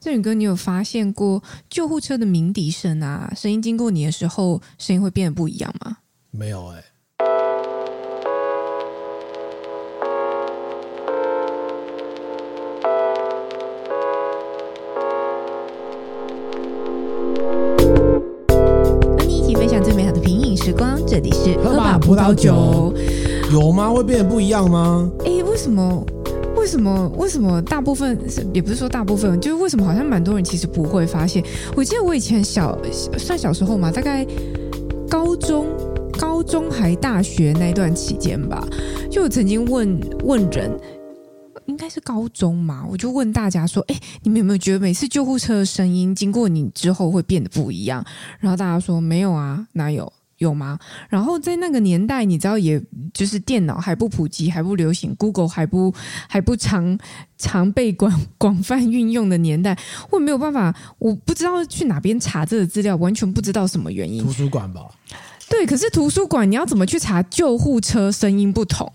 鄭宇哥，你有發現過救護車的鳴笛聲啊？聲音經過你的時候，聲音會變得不一樣嗎？沒有哎、欸。和你一起分享最美好的品飲時光，這裡是喝吧葡，葡萄酒。有嗎？會變得不一樣嗎？哎，為什麼？為什麼？為什麼大部分，也不是說大部分，就是為什麼好像蠻多人其實不會發現？我記得我以前小，小，算小時候嘛，大概高中、高中還大學那一段期間吧，就我曾經問問人，應該是高中嘛，我就問大家說：“哎、欸，你們有沒有覺得每次救護車的聲音經過你之後會變得不一樣？”然後大家說：“沒有啊，哪有？”有嗎？然後在那個年代，你知道，也就是電腦還不普及，還不流行，Google 還不還不常常被廣廣泛運用的年代，我也沒有辦法，我不知道去哪邊查這個資料，完全不知道什麼原因。圖書館吧？對，可是圖書館，你要怎麼去查救護車聲音不同？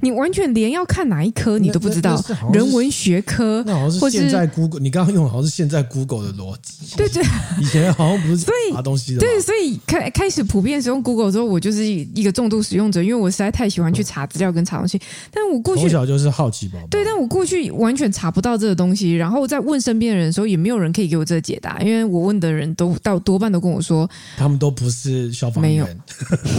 你完全連要看哪一科你都不知道，是好像是人文學科，那好像是現在 Google，是你剛剛用好像是現在 Google 的邏輯，對對，以前好像不是查東西的，的。對，所以開開始普遍使用 Google 之後，我就是一個重度使用者，因為我實在太喜歡去查資料跟查東西。但我過去從小就是好奇吧，對，但我過去完全查不到這個東西，然後在問身邊的人的時候，也沒有人可以給我這個解答，因為我問的人都到多半都跟我說，他們都不是消防員。沒有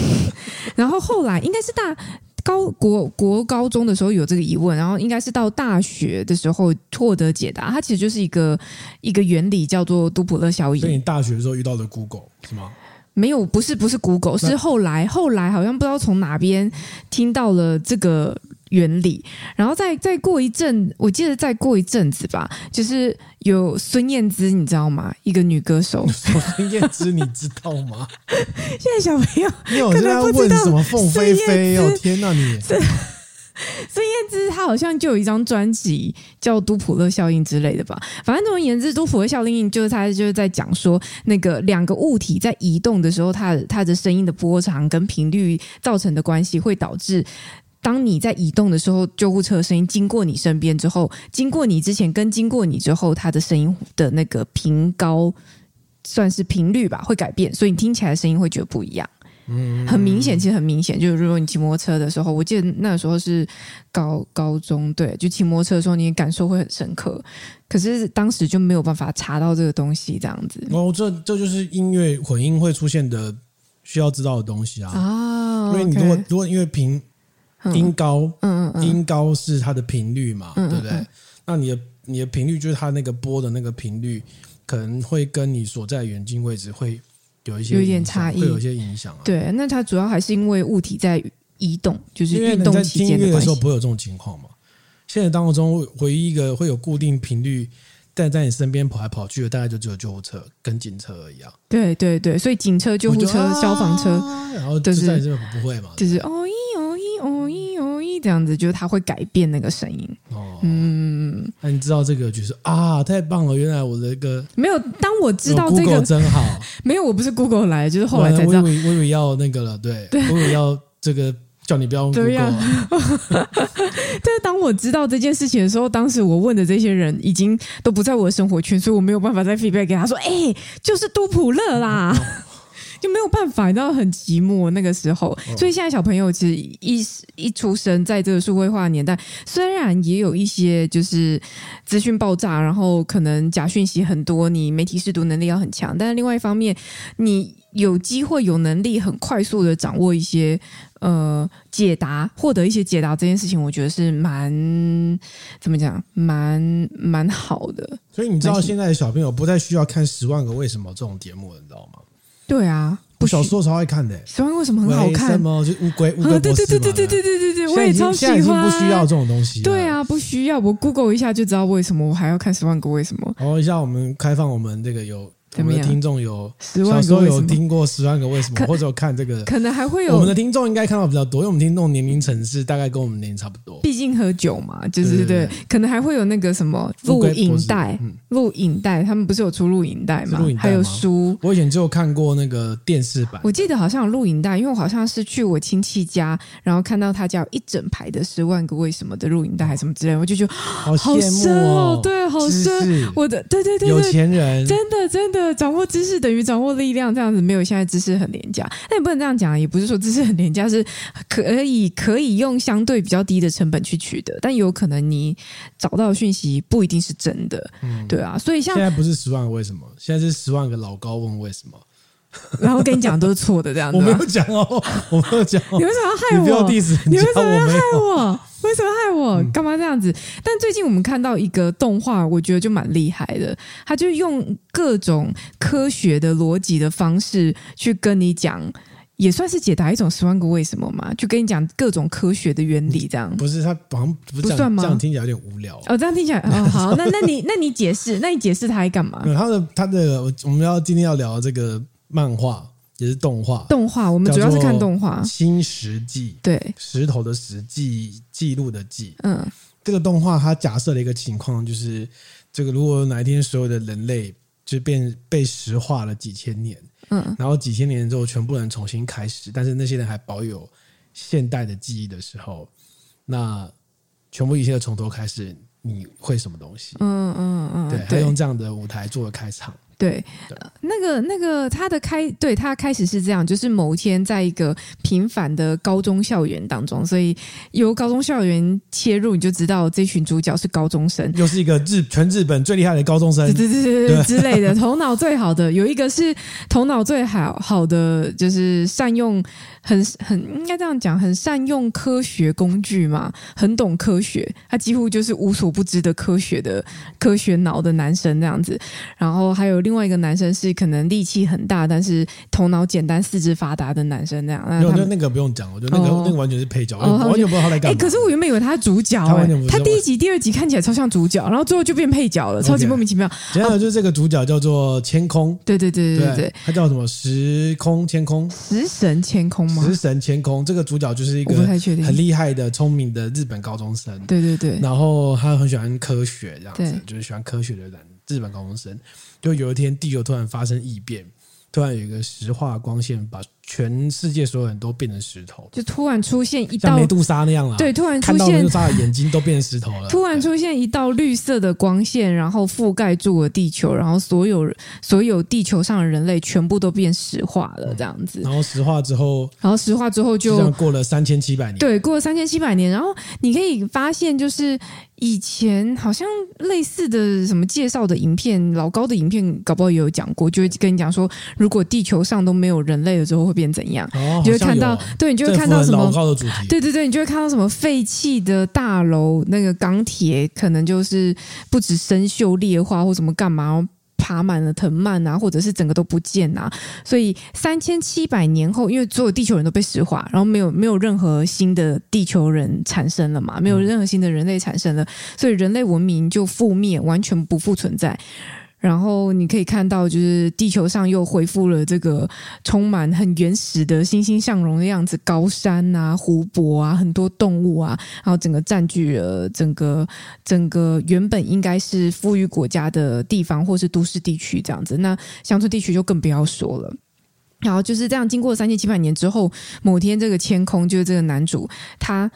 然後後來應該是大。高國國高中的時候有這個疑問，然後應該是到大學的時候獲得解答。它其實就是一個一個原理，叫做杜普勒效應。所以你大學的時候遇到的 Google 是嗎？沒有，不是，不是 Google，那是後來後來好像不知道從哪邊聽到了這個原理，然後再再過一陣，我記得再過一陣子吧，就是有孫燕姿，你知道嗎？一個女歌手，孫燕姿，你知道嗎？ 現在小朋友，你有在要問什麼？鳳飛飛，哦天哪你，你孫燕姿她好像就有一張專輯叫《都普勒效應》之類的吧？反正總而言之，《都普勒效應》就是她就是在講說，那個兩個物體在移動的時候，它的，它的聲音的波長跟頻率造成的關係，會導致。當你在移動的時候，救護車的聲音經過你身邊之後，經過你之前跟經過你之後，它的聲音的那個頻高，算是頻率吧，會改變，所以你聽起來聲音會覺得不一樣。嗯，很明顯，其實很明顯，就是如果你騎摩托車的時候，我記得那時候是高高中，對，就騎摩托車的時候，你感受會很深刻。可是當時就沒有辦法查到這個東西，這樣子。哦，這這就是音樂混音會出現的需要知道的東西啊。啊、哦，因為你如果 okay. 如果因為平。音高，嗯嗯嗯，嗯嗯音高是它的頻率嘛，嗯、對不對？嗯嗯、那你的你的頻率就是它那個波的那個頻率，可能會跟你所在遠近位置會有一些有一點差異，會有一些影響啊。對，那它主要還是因為物體在移動，就是運動期間的，在的時候不會有這種情況嘛。現實當中，唯一一個會有固定頻率但在你身邊跑來跑去的，大概就只有救護車跟警車一樣、啊。對對對，所以警車、救護車、啊、消防車，然後就是這，不會嘛，就是嗎哦。這樣子就是他會改變那個聲音哦，嗯，那、啊、你知道這個就是啊，太棒了！原來我的、那個沒有，當我知道這個真好， 沒有，我不是 Google 來，就是後來才知道，我以,我以為要那個了，對,對我以為要這個叫你不要 Google 不要。對啊、 但是當我知道這件事情的時候，當時我問的這些人已經都不在我的生活圈，所以我沒有辦法再 feedback 給他說，哎、欸，就是都普勒,勒啦。哦就沒有辦法，你知道很寂寞那個時候。所以現在小朋友其實一一出生在這個數位化的年代，雖然也有一些就是資訊爆炸，然後可能假訊息很多，你媒體識讀能力要很強。但是另外一方面，你有機會有能力很快速的掌握一些呃解答，獲得一些解答這件事情，我覺得是蠻怎麼講，蠻蠻好的。所以你知道現在的小朋友不再需要看《十萬個為什麼》這種節目，你知道嗎？對啊，不我小時候超愛看的，欸，《十萬個為什麼》很好看哦，就烏龜、烏龜、啊、對對對對對對對對我也超喜歡。不需要這種東西。對啊，不需要。我 Google 一下就知道為什麼我還要看《十萬個為什麼》。然後一下我們開放我們這個有。我們的聽眾有小時候有聽過十萬個為什麼，或者有看這個，可能還會有。我們的聽眾應該看到比較多，因為我們聽眾年齡層次大概跟我們年齡差不多。畢竟喝酒嘛，就是對，可能還會有那個什麼錄影帶，錄影帶，他們不是有出錄影帶嗎？還有書，我以前就看過那個電視版。我記得好像有錄影帶，因為我好像是去我親戚家，然後看到他家有一整排的十萬個為什麼的錄影帶，還是什麼之類，我就覺得好羨慕哦，對，好深，我的，對對對，有錢人，真的真的。掌握知識等於掌握力量，這樣子沒有。現在知識很廉價，但你不能這樣講。也不是說知識很廉價，是可以可以用相對比較低的成本去取得，但有可能你找到訊息不一定是真的。嗯，對啊，所以像現在不是十萬個為什麼，現在是十萬個老高問為什麼。 然後跟你講都是錯的，這樣子。我沒有講哦， 我沒有講、哦。 你為什麼要害我？你，你，講你為什麼要害我？我沒為什麼要害我？幹嘛這樣子？嗯、但最近我們看到一個動畫，我覺得就蠻厲害的。他就用各種科學的邏輯的方式去跟你講，也算是解答一種十萬個為什麼嘛。就跟你講各種科學的原理，這樣不是他好像不，不算嗎？這樣聽起來有點無聊、啊。哦，這樣聽起來哦，好，好，那 那你那你解釋，那你解釋他還幹嘛？他、嗯、的他的它、這個，我們要今天要聊這個。漫畫也是動畫，動畫我們主要是看動畫《新石紀》，對，石頭的石紀，紀錄的紀，嗯，這個動畫它假設了一個情況，就是這個如果哪一天所有的人類就變被石化了幾千年，嗯，然後幾千年之後全部人重新開始，但是那些人還保有現代的記憶的時候，那全部一切從頭開始，你會什麼東西？嗯嗯嗯，嗯嗯對，對用這樣的舞台做開場。對，那個那個他的開對他開始是這樣，就是某天在一個平凡的高中校園當中，所以由高中校園切入，你就知道這群主角是高中生，又是一個日全日本最厲害的高中生，對對對對對之類的，頭腦最好的，有一個是頭腦最好好的，就是善用很很應該這樣講，很善用科學工具嘛，很懂科學，他幾乎就是無所不知的科學的科學腦的男生這樣子，然後還有。另外一個男生是可能力氣很大，但是頭腦簡單、四肢發達的男生那樣。那那個不用講，我覺得那個那個完全是配角，我完全不知道他在幹嘛。哎，可是我原本以為他是主角，他第一集、第二集看起來超像主角，然後最後就變配角了，超級莫名其妙。然後就是這個主角叫做千空，對對對對對，他叫什麼？時空千空，石神千空嗎？石神千空，這個主角就是一個很厲害的、聰明的日本高中生。對對對，然後他很喜歡科學，這樣子就是喜歡科學的人。日本高中生，就有一天，地球突然發生異變，突然有一個石化光線把。全世界所有人都變成石頭，就突然出現一道像梅杜莎那樣了、啊。對，突然出現，梅杜莎的眼睛都變成石頭了。 突然出現一道綠色的光線，然後覆蓋住了地球，然後所有所有地球上的人類全部都變石化了，這樣子、嗯。然後石化之後，然後石化之後就，就過了三千七百年。對，過了三千七百年，然後你可以發現，就是以前好像類似的什麼介紹的影片，老高的影片搞不好也有講過，就會跟你講說，如果地球上都沒有人類了之後會變怎樣？Oh, 你就會看到，啊、對你就會看到什麼？對對對，你就會看到什麼廢棄的大樓，那個鋼鐵可能就是不止生鏽、裂化或什麼幹嘛，爬滿了藤蔓啊，或者是整個都不見啊。所以三千七百年後，因為所有地球人都被石化，然後沒有沒有任何新的地球人產生了嘛，沒有任何新的人類產生了，所以人類文明就覆滅，完全不復存在。然後你可以看到，就是地球上又恢復了這個充滿很原始的欣欣向榮的樣子，高山啊、湖泊啊、很多動物啊，然後整個佔據了整個整個原本應該是富裕國家的地方，或是都市地區這樣子。那鄉村地區就更不要說了。然後就是這樣，經過三千七百年之後，某天這個千空就是這個男主他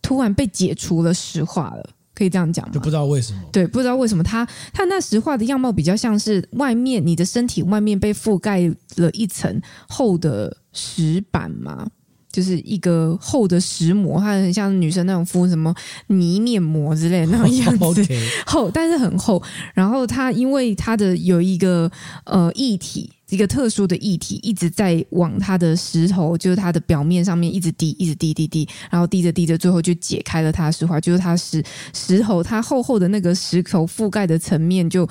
突然被解除了石化了。可以這樣講嗎，就不知道為什麼？對，不知道為什麼他他那石化的樣貌比較像是外面，你的身體外面被覆蓋了一層厚的石板嗎？就是一個厚的石膜，它很像女生那種敷什麼泥面膜之類的那種樣子，Okay. 厚，但是很厚。然後它因為它的有一個呃液體，一個特殊的液體一直在往它的石頭，就是它的表面上面一直滴，一直滴，滴滴，然後滴着滴着，最後就解開了它的石化，就是它石石頭它厚厚的那個石頭覆蓋的層面就。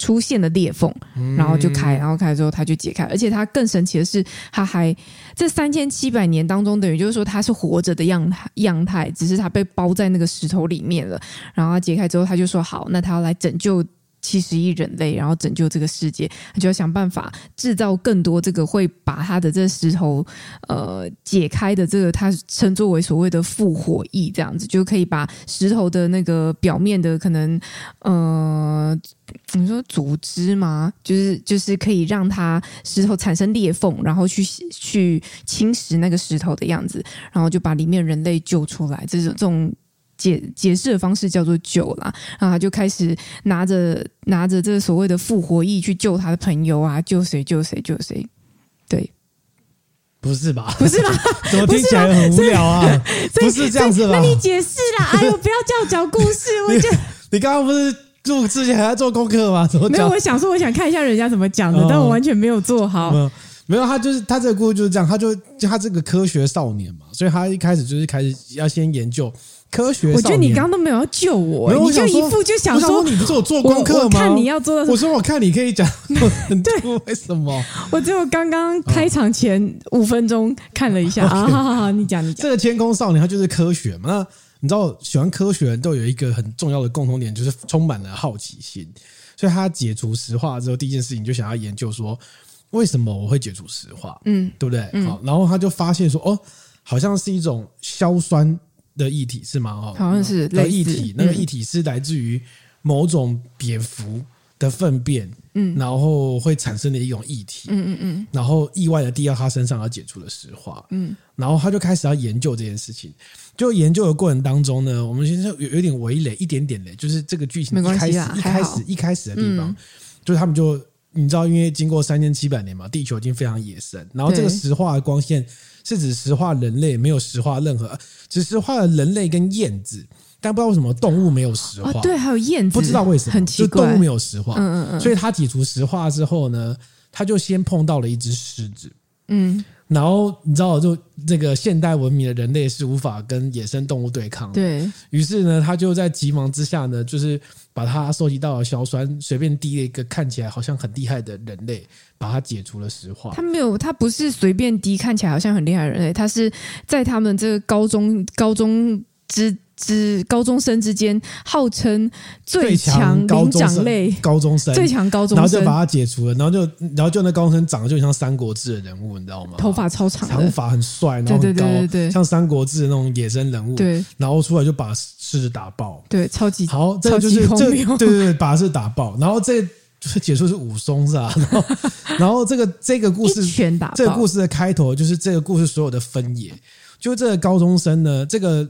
出現了裂縫，然後就開，然後開之後他就解開，而且他更神奇的是，他還這三千七百年當中，等於就是說他是活着的樣態樣態，只是他被包在那個石頭裡面了。然後他解開之後，他就說：“好，那他要來拯救。”七十億人類，然後拯救這個世界，他就要想辦法製造更多這個會把他的這石頭呃解開的這個，他稱作為所謂的“復活液”這樣子，就可以把石頭的那個表面的可能呃，你說組織嘛，就是就是可以讓它石頭產生裂縫，然後去去侵蝕那個石頭的樣子，然後就把裡面人類救出來。這種這種。解解釋的方式叫做救啦啊，然後他就開始拿着拿着這所謂的復活液去救他的朋友啊，救誰救誰救誰，對，不是吧？不是吧？怎麼聽起來很無聊啊？不是，不是這樣子的，那你解釋啦！哎呦，不要這樣講故事， 你我就你剛剛不是錄之前還在做功課嗎？怎麼沒有？我想說，我想看一下人家怎麼講的，但我完全沒有做好。嗯、沒有，他就是他這個故事就是這樣，他就他這個科學少年嘛，所以他一開始就是開始要先研究。科學，我覺得你剛剛都沒有要救我，你就一副就想說你不是有做功課嗎？我看你要做的。我說我看你可以講，對，為什麼？我只有剛剛開場前五分鐘看了一下啊，好好好，你講你講。這個千空少年他就是科學嘛，那你知道喜歡科學人都有一個很重要的共同點，就是充滿了好奇心，所以他解除石化之後，第一件事情就想要研究說為什麼我會解除石化，嗯，對不對？好，然後他就發現說，哦，好像是一種硝酸。的液體是嗎？哦，好像是、嗯、類似液體。似那個液體是來自於某種蝙蝠的糞便，嗯，然後會產生的一種液體，嗯嗯嗯，嗯嗯然後意外的滴到，他身上而解除了石化，嗯，然後他就開始要研究這件事情。就研究的過程當中呢，我們先生有有點微雷，一點點雷，就是這個劇情開始，一開始，好一，開始一開始的地方，嗯、就他們就。你知道，因為經過三千七百年嘛，地球已經非常野生，然後這個石化的光線是指石化人類，沒有石化任何，只石化了人類跟燕子，但不知道為什麼動物沒有石化。哦、對，還有燕子，不知道為什麼，很奇怪。就動物沒有石化。嗯嗯嗯。所以他解除石化之後呢，他就先碰到了一隻獅子。嗯。然後你知道，就這個現代文明的人類是無法跟野生動物對抗的。對。於是呢，他就在急忙之下呢，就是把它收集到了硝酸隨便滴了一個看起來好像很厲害的人類，把它解除了石化。他沒有，他不是隨便滴看起來好像很厲害的人類，他是在他們這個高中高中。之之高中生之間，號稱最強靈長類高中生、最強高中生，然後就把他解除了，然後就然後就那高中生長得就很像《三國志》的人物，你知道嗎？頭髮超長，長髮很帥，然後很高，像《三國志》的那種野生人物。對，然後出來就把獅子打爆，對，超級好，這就是這，對對對，把獅子打爆。然後這解除了是武松是吧？然後這個這個故事，這個故事的開頭就是這個故事所有的分野，就這個高中生呢，這個。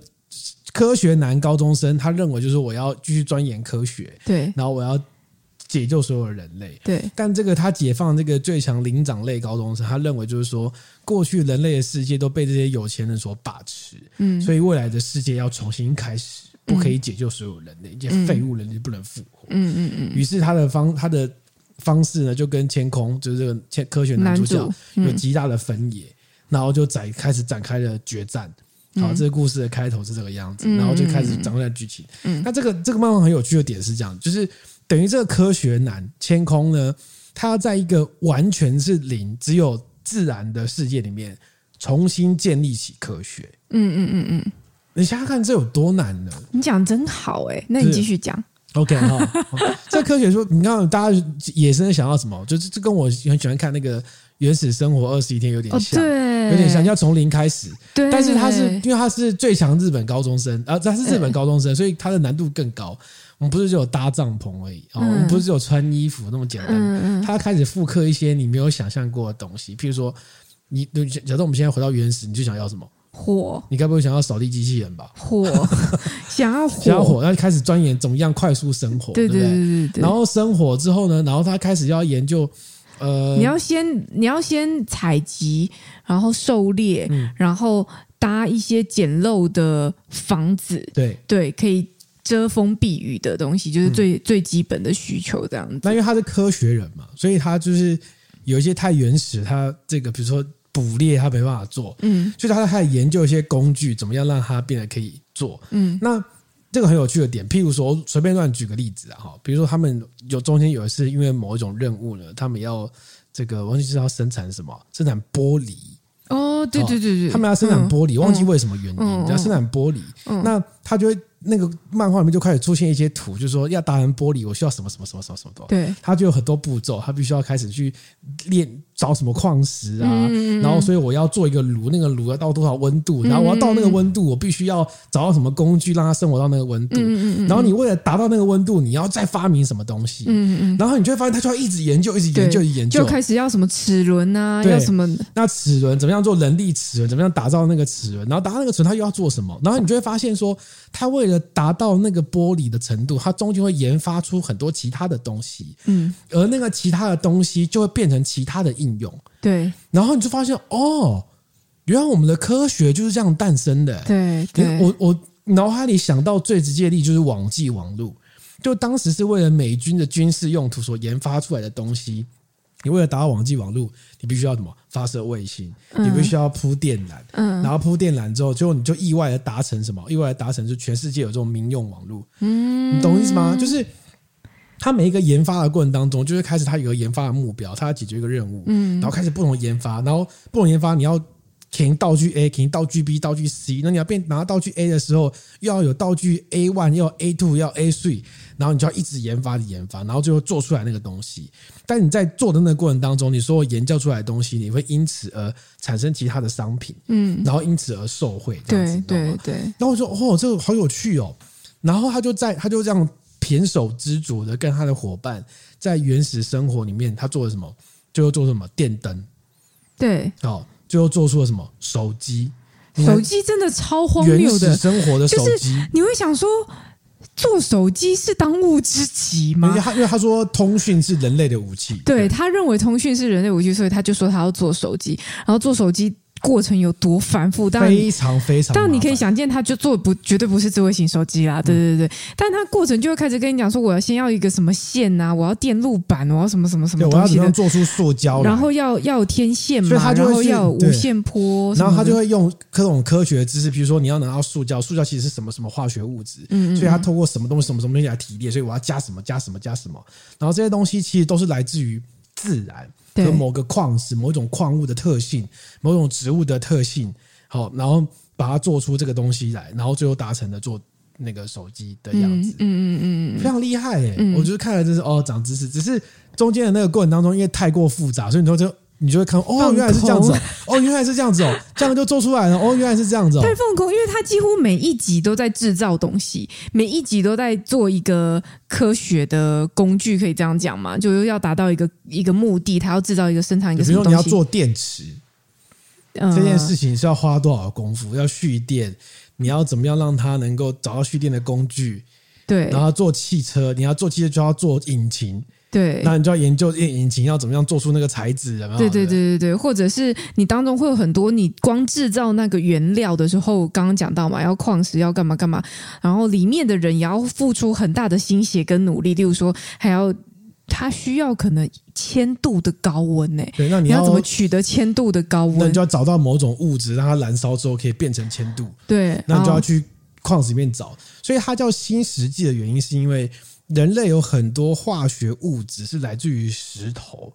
科學男高中生，他認為就是我要繼續鑽研科學，對，然後我要解救所有人類，對。但這個他解放這個最強靈長類高中生，他認為就是說，過去人類的世界都被這些有錢人所把持，嗯，所以未來的世界要重新開始，不可以解救所有人類，一些、嗯、廢物人類不能復活，嗯嗯嗯。嗯嗯嗯，於是他的方他的方式呢，就跟千空就是這個科學男主角有極大的分野，嗯、然後就展開始展開了決戰。好，這個故事的開頭是這個樣子，嗯、然後就開始展開劇情。嗯嗯、那這個這個漫畫很有趣的點是這樣，就是等於這個科學男千空呢，他要在一個完全是零，只有自然的世界裡面，重新建立起科學。嗯嗯嗯嗯，嗯嗯你想想看，這有多難呢？你講真好哎、欸，那你繼續講。OK 哈、 哦，這科學說，你看大家也是在想到什麼？就是這跟我很喜歡看那個原始生活二十一天有點像，有點像要從零開始。但是他是因為他是最強日本高中生，啊，他是日本高中生，所以他的難度更高。我們不是只有搭帳篷而已啊，我們不是只有穿衣服那麼簡單。他開始複刻一些你沒有想象過的東西，比如說，你，假設我們現在回到原始，你就想要什麼？火。你該不會想要掃地機器人吧？火，想要火， 想要火，那開始鑽研怎麼樣快速生火，對不對，對。然後生火之後呢，然後他開始要研究。呃你，你要先你要先採集，然後狩獵，嗯、然後搭一些簡陋的房子，對對，可以遮風避雨的東西，就是最、嗯、最基本的需求這樣子。那因為他是科學人嘛，所以他就是有一些太原始，他這個比如說捕獵他沒辦法做，嗯，所以他還要研究一些工具，怎麼樣讓他變得可以做，嗯，那。這個很有趣的點，譬如說隨便亂舉個例子啊，哈，比如說他們有中間有一次因為某一種任務呢，他們要這個我忘記是要生產什麼，生產玻璃哦，對對對對，他們要生產玻璃，嗯嗯、忘記為什麼原因、嗯嗯嗯、要生產玻璃，嗯嗯、那他就會。那個漫畫裡面就開始出現一些圖，就是說要搭成玻璃，我需要什麼什麼什麼什麼什麼、什麼。對，他就有很多步驟，他必須要開始去練找什麼礦石啊，嗯、然後所以我要做一個爐，那個爐要到多少溫度，然後我要到那個溫度，嗯、我必須要找到什麼工具讓它生活到那個溫度。嗯、然後你為了達到那個溫度，你要再發明什麼東西？嗯、然後你就會發現，他就要一直研究，一直研究，研究就開始要什麼齒輪啊，對要什麼那齒輪，怎麼樣做人力齒輪，怎麼樣打造那個齒輪，然後打造那個齒輪，他又要做什麼？然後你就會發現說，他為了達到那個玻璃的程度，它中間會研發出很多其他的東西，嗯，而那個其他的東西就會變成其他的應用，對。然後你就發現，哦，原來我們的科學就是這樣誕生的欸，對，對我。我我腦海裡想到最直接的例子就是網際網路，就當時是為了美軍的軍事用途所研發出來的東西。你為了達到網際網路，你必須要什麼？發射衛星，你必須要鋪電纜，然後鋪電纜之後，最後你就意外的達成什麼？意外的達成就是全世界有這種民用網路。嗯、你懂意思嗎？就是他每一個研發的過程當中，就是開始他有一個研發的目標，他要解決一個任務，然後開始不同研發，然後不同研發你要。停道具 A，停道具 B，道具 C。那你要變拿到道具 A 的時候，又要有道具 A one，又要 A two，又要 A three，然後你就要一直研發，研發，然後最後做出來那個東西。但你在做的那個過程當中，你所有研究出來的東西，你會因此而產生其他的商品，嗯，然後因此而受惠，這樣子，對對對。對對然後我說：“哦，這個好有趣哦。”然後他就在，他就這樣胼手胝足的跟他的伙伴在原始生活裡面，他做了什麼？最後做什麼？電燈。對，好、哦。最後做出了什麼手機？手機真的超荒謬的，就是你會想說，做手機是當務之急嗎？因為他因為他說，通訊是人類的武器，對，他認為通訊是人類武器，所以他就說他要做手機，然後做手機。過程有多繁複，當然非常非常。但你可以想見，他就做不絕對不是智慧型手機啦。嗯、對對對，但他過程就會開始跟你講說，我要先要一個什麼線啊，我要電路板，我要什麼什麼什麼對，我要怎樣做出塑膠，然後要要有天線嘛，他然，後然後要有無線波。然後他就會用各種科學的知識，比如說你要拿到塑膠，塑膠其實是什麼什麼化學物質，嗯，嗯，所以他透過什麼東西什麼什麼東西來提煉，所以我要加什麼加什麼加什麼，加什麼，然後這些東西其實都是來自於自然。和某個礦石、某一種礦物的特性、某種植物的特性，好，然後把它做出這個東西來，然後最後達成了做那個手機的樣子，嗯嗯嗯嗯，嗯嗯非常厲害哎、欸，嗯、我覺得看了就是哦，長知識，只是中間的那個過程當中，因為太過複雜，所以你說這你就會看哦，放空 哦，哦，原來是這樣子哦，原來是這樣子哦，這樣就做出來了哦，原來是這樣子哦。對，放空，因為他幾乎每一集都在製造東西，每一集都在做一個科學的工具，可以這樣講嘛，就是要達到一個一個目的，他要製造一個生產一個東西。比如說你要做電池，呃、這件事情是要花多少功夫？要蓄電，你要怎麼樣讓他能夠找到蓄電的工具？對，然後做汽車，你要做汽車就要做引擎。對，那你就要研究引擎要怎麼樣做出那個材質了。對對對對對，或者是你當中會有很多，你光制造那個原料的時候，剛剛講到嘛，要礦石，要幹嘛幹嘛，然後裡面的人也要付出很大的心血跟努力。例如說，還要他需要可能千度的高溫呢、欸。對，那你要，你要怎麼取得千度的高溫？那你就要找到某種物質，讓它燃燒之後可以變成千度。對，那你就要去礦石裡面找。好所以它叫新石紀的原因，是因為。人類有很多化學物質是來自於石頭，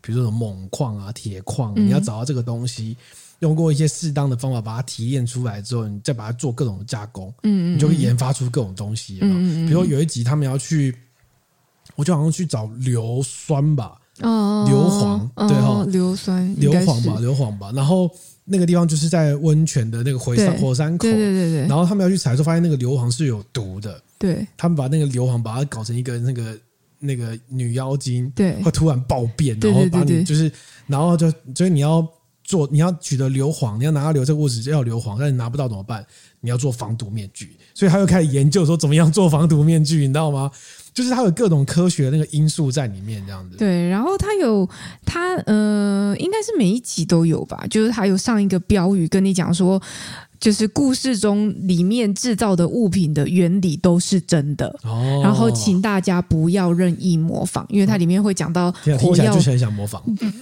比如說錳礦啊、鐵礦，嗯、你要找到這個東西，用過一些適當的方法把它提煉出來之後，你再把它做各種的加工，嗯，嗯你就會研發出各種東西有有。嗯比、嗯嗯、如說有一集他們要去，我就好像去找硫酸吧，哦，硫磺，對哈、哦哦，硫酸硫，硫磺吧，硫磺吧。然後那個地方就是在溫泉的那個火山火山口，對對對，對。然後他們要去採，就發現那個硫磺是有毒的。對，他們把那個硫磺把它搞成一個那個那個女妖精，對，會突然暴變，然後把你就是，對對對對，然後就，所以你要做，你要取得硫磺，你要拿到硫這個物質要硫磺，但你拿不到怎麼辦？你要做防毒面具，所以他又開始研究說怎麼樣做防毒面具，你知道嗎？就是他有各種科學的那個因素在裡面這樣子。對，然後他有他呃，應該是每一集都有吧，就是他有上一個標語跟你講說，就是故事中裡面製造的物品的原理都是真的，哦、然後請大家不要任意模仿，因為它裡面會講到火藥，就很想，想模仿、嗯。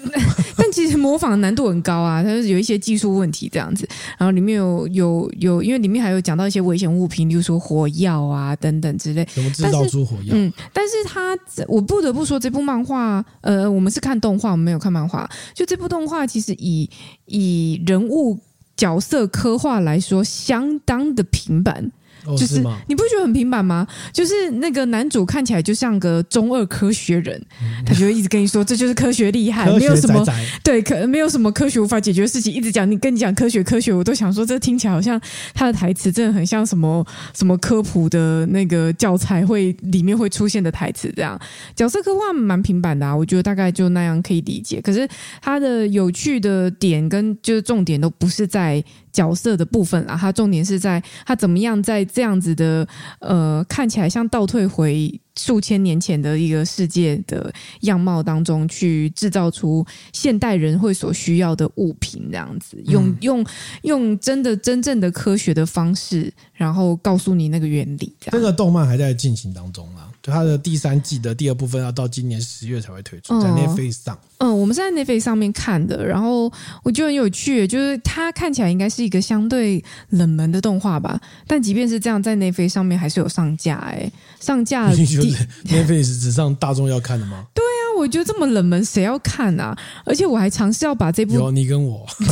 但其實模仿難度很高啊，它是有一些技術問題這樣子。然後裡面有有有，因為裡面還有講到一些危險物品，比如說火藥啊等等之類。怎麼製造出火藥？嗯，但是它我不得不說這部漫畫，呃，我們是看動畫，我們沒有看漫畫。就這部動畫其實以以人物。角色刻畫來說，相當的平板。就是、哦、是你不是覺得很平板嗎？就是那個男主看起來就像個中二科學人，嗯、他就一直跟你說，這就是科學厲害，宰宰沒有什麼對，可能沒有什麼科學無法解決的事情，一直講你跟你講科學科學，我都想說這聽起來好像他的台詞真的很像什麼什麼科普的那個教材會裡面會出現的台詞這樣。角色刻畫蠻平板的啊，我覺得大概就那樣可以理解。可是他的有趣的點跟就是重點都不是在，角色的部分啊，它重點是在它怎麼樣在這樣子的呃，看起來像倒退回數千年前的一個世界的樣貌當中，去製造出現代人會所需要的物品，這樣子用用用真的真正的科學的方式，然後告訴你那個原理。這，這個動漫還在進行當中啊，就它的第三季的第二部分要、啊、到今年十月才會推出，哦、在 Netflix 上。嗯，我們是在 Netflix 上面看的，然後我覺得很有趣，就是它看起來應該是一個相對冷門的動畫吧，但即便是這樣，在 Netflix 上面還是有上架哎、欸，上架。你覺得 Netflix 是只上大眾要看的嗎？對啊，我覺得這麼冷門，誰要看啊？而且我還嘗試要把這部有你跟我 嘗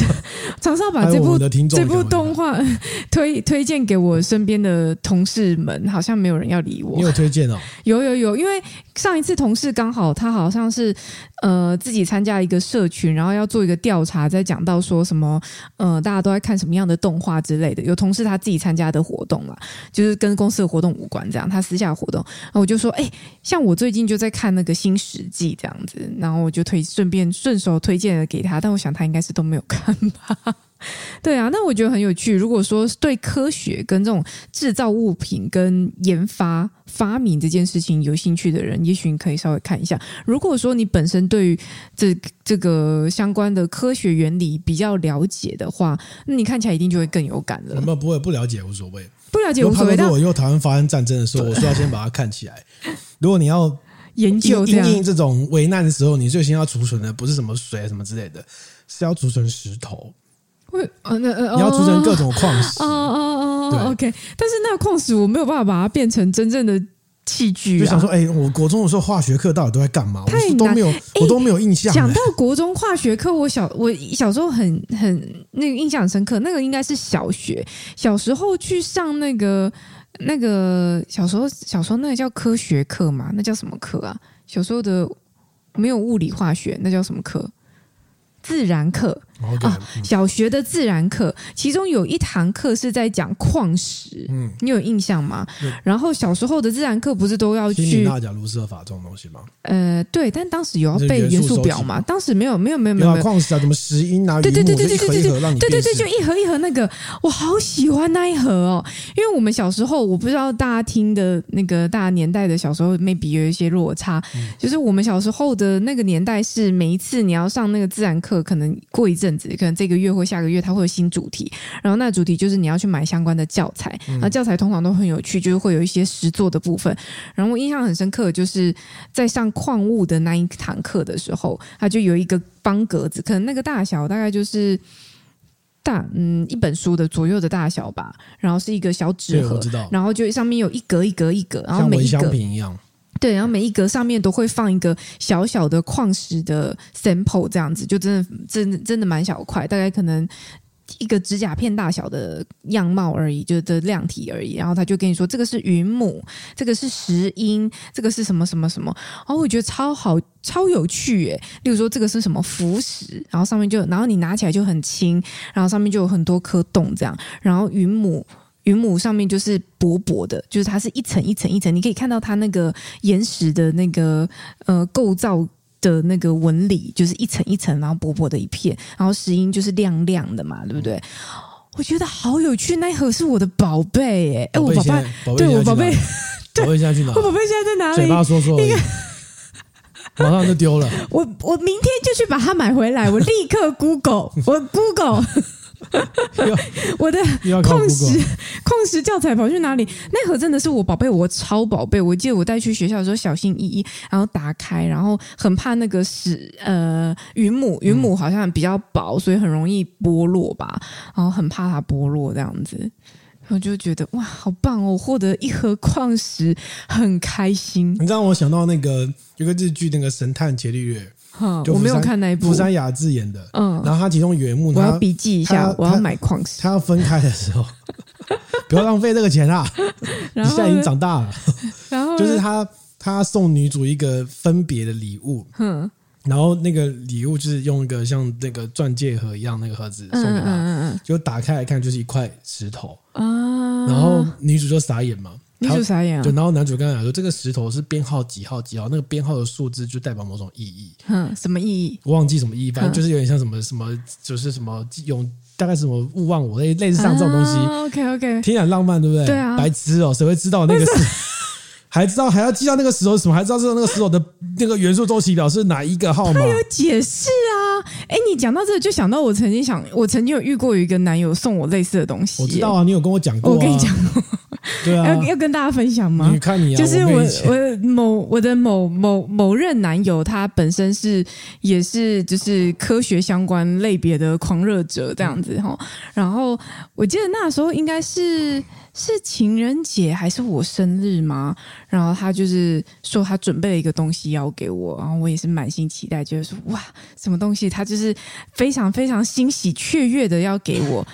試要把這部、哎、這部動畫推推薦給我身邊的同事們，好像沒有人要理我。你有推薦哦？有有有，因為。上一次同事剛好他好像是，呃，自己參加一個社群，然後要做一個調查，在講到說什麼，呃，大家都在看什麼樣的動畫之類的。有同事他自己參加的活動啦，就是跟公司的活動無關，這樣他私下活動。我就說，誒、欸，像我最近就在看那個新石紀這樣子，然後我就推順便順手推薦了給他，但我想他應該是都沒有看吧。對啊，那我覺得很有趣。如果說對科學跟這種制造物品、跟研發發明這件事情有興趣的人，也許你可以稍微看一下。如果說你本身對於這，這個相關的科學原理比較了解的話，那你看起來一定就會更有感了。我們不會不了解無所謂，不了解無所謂。但如果又台灣發生戰爭的時候，那我需要先把它看起來。 如果你要研究應對這種危難的時候，你最先要儲存的不是什麼水什麼之類的，是要儲存石頭。會哦，呃哦、你要組成各種礦石，哦哦哦對，OK。但是那礦石我沒有辦法把它變成真正的器具，啊、就想說，哎、欸，我國中的時候化學課到底都在幹嘛？太難我都沒有，欸、我都沒有印象，欸。講到國中化學課，我小我小時候很很那個印象很深刻，那個應該是小學小時候去上那個那個小時候小時候那個叫科學課嘛？那叫什麼課啊？小時候的沒有物理化學，那叫什麼課？自然課。哦，小學的自然課，其中有一堂課是在講礦石，嗯，你有印象嗎？就然後小時候的自然課不是都要去大甲爐色法這種東西嗎？呃，對，但當時有要背元素表嘛，嗎，當時沒有，沒有，沒有，沒有礦、啊、石啊，什麼石英啊，母對對對對對，一盒一盒，對對對，就一盒一盒那個，我好喜歡那一盒哦、喔，因為我們小時候，我不知道大家聽的那個大家年代的小時候，maybe 有一些落差，嗯、就是我們小時候的那個年代是每一次你要上那個自然課，可能過一陣。可能這個月或下個月它會有新主題，然後那主題就是你要去買相關的教材，那、嗯、教材通常都很有趣，就是會有一些實作的部分。然後我印象很深刻，就是在上礦物的那一堂課的時候，它就有一個方格子，可能那個大小大概就是大嗯一本書的左右的大小吧，然後是一個小紙盒，然後就上面有一格一格一格，然後每一個像文具一樣。對，然後每一格上面都會放一個小小的礦石的 sample，這樣子就真的真的真的蠻小塊，大概可能一個指甲片大小的樣貌而已，就是這量體而已。然後他就跟你說，這個是雲母，這個是石英，這個是什麼什麼什麼。然後，哦，我覺得超好，超有趣誒。例如說，這個是什麼浮石，然後上面就，然後你拿起來就很輕，然後上面就有很多顆洞這樣。然後雲母。雲母上面就是薄薄的，就是它是一層一層一層，你可以看到它那個岩石的那個呃構造的那個紋理，就是一層一層，然後薄薄的一片，然後石英就是亮亮的嘛，對不對？嗯、我覺得好有趣，那一盒是我的寶貝哎，哎、欸、我寶貝，寶貝，寶貝，寶貝，寶貝現在去哪裡？我寶貝對現在在哪裡？嘴巴說說那個你看 馬上就丟了。我我明天就去把它買回來，我立刻 Google， 我 Google。 我的礦石礦石教材跑去哪裡？那盒真的是我寶貝，我超寶貝。我記得我帶去學校的時候小心翼翼，然後打開，然後很怕那個石呃雲母，雲母好像比較薄，所以很容易剝落吧，然後很怕它剝落這樣子。我就覺得哇，好棒哦！我獲得一盒礦石，很開心。你知道我想到那個有個日劇，那個神探伽利略。我沒有看那一部，福山雅治演的。嗯，然後他其中原木，我要筆記一下，我要買礦石。他要分開的時候，不要浪費這個錢啊！你現在已經長大了。然後就是他，他送女主一個分別的禮物，嗯，然後那個禮物就是用一個像那個鑽戒盒一樣那個盒子送給她，嗯嗯，就打開來看，就是一塊石頭啊。然後女主就傻眼嘛。男主傻眼了、啊，然後男主剛才說，這個石頭是編號幾號幾號，那個編號的數字就代表某種意義。哼，什麼意義？我忘記什麼意義，反正、嗯、就是有點像什麼什麼，就是什麼用大概什麼勿忘我那類，類似上這種東西。啊、OK OK，聽起來，浪漫，對不對？對啊，白痴哦、喔，誰會知道那個是？是還知道還要記到那個石頭什麼？還知道知道那個石頭的那個元素周期表是哪一個號碼？他有解釋啊！哎、欸，你講到這個就想到我曾經想，我曾經有遇過一個男友送我類似的東西、欸。我知道啊，你有跟我講過、啊，我跟你講過。對啊，要要跟大家分享嗎？你看你、啊、就是我我，我某我的某某某任男友，他本身是也是就是科學相關類別的狂熱者這樣子齁。嗯、然後我記得那時候應該是是情人節還是我生日嗎？然後他就是說他準備了一個東西要給我，然後我也是滿心期待，就是說哇什麼東西？他就是非常非常欣喜雀躍的要給我。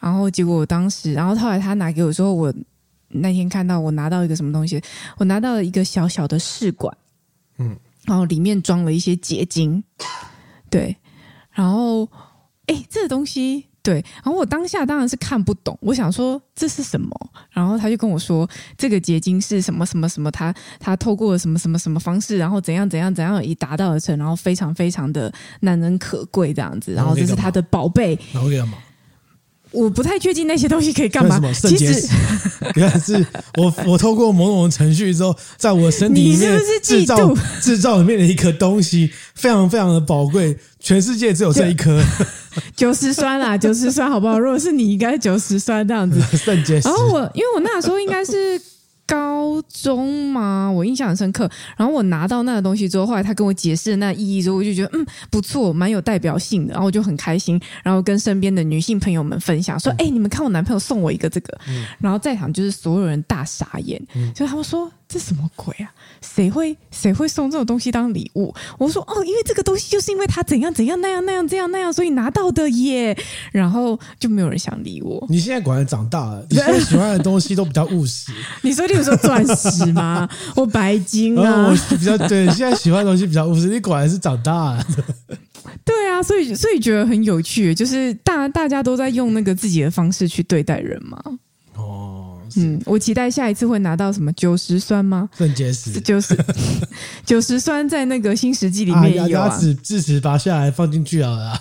然後結果我當時，然後後來他拿給我說我。那天看到我拿到一個什麼東西，我拿到了一個小小的試管，嗯，然後裡面裝了一些結晶，對，然後哎，這個東西，對，然後我當下當然是看不懂，我想說這是什麼，然後他就跟我說這個結晶是什麼什麼什麼，他他透過了什麼什麼什麼方式，然後怎樣怎樣怎樣以達到而成，然後非常非常的難能可貴這樣子，然後這是他的寶貝。我不太確定那些東西可以幹嘛。甚其實，可是我我透過某種程序，之後，在我身體裡面製造製造裡面的一顆東西，非常非常的寶貴，全世界只有這一顆。九十就 酸啦、啊，九十酸好不好？如果是你，應該九十酸這樣子。腎結石。然後我，因為我那時候應該是。高中嗎？我印象很深刻。然後我拿到那個東西之後，後來他跟我解釋的那意義之後，我就覺得嗯不錯，蠻有代表性的。然後我就很開心，然後跟身邊的女性朋友們分享說：“誒、欸，你們看我男朋友送我一個這個。嗯”然後在場就是所有人大傻眼，所以、嗯、就他們說。這是什麼鬼啊？誰會誰會送這種東西當禮物？我說哦，因為這個東西就是因為他怎樣怎樣那樣那樣這樣那樣，所以拿到的耶。然後就沒有人想理我。你現在果然長大了，對你現在喜歡的東西都比較務實。 你說，你比如說鑽石嗎？ 我白金啊，呃、我比較對。現在喜歡的東西比較務實，你果然是長大了。 對啊，所以所以覺得很有趣，就是大大家都在用那個自己的方式去對待人嘛。嗯，我期待下一次會拿到什麼酒石酸嗎？腎結解石酒石、酒石酸在那個《新石紀》裡面有啊，牙齒、智齒拔下來放進去啊。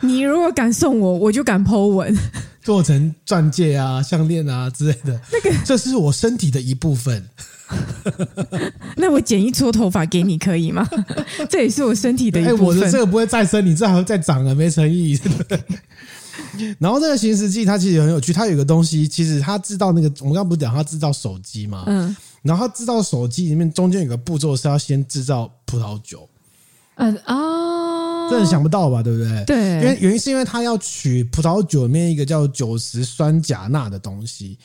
你如果敢送我，我就敢 po 文，做成鑽戒啊、項鏈啊之類的。那個，這是我身體的一部分。 那我剪一撮頭髮給你可以嗎？ 這也是我身體的一部分。哎、欸，我的這個不會再生，你這還會再長啊，沒誠意。是 然後這個新石紀，它其實很有趣。它有一個東西，其實它製造那個，我們剛不是講它製造手機嘛？嗯，然後它製造手機裡面中間有個步驟是要先製造葡萄酒。嗯啊，哦、這你想不到吧？對不對？對，因為原因是因為它要取葡萄酒裡面一個叫酒石酸鉀鈉的東西。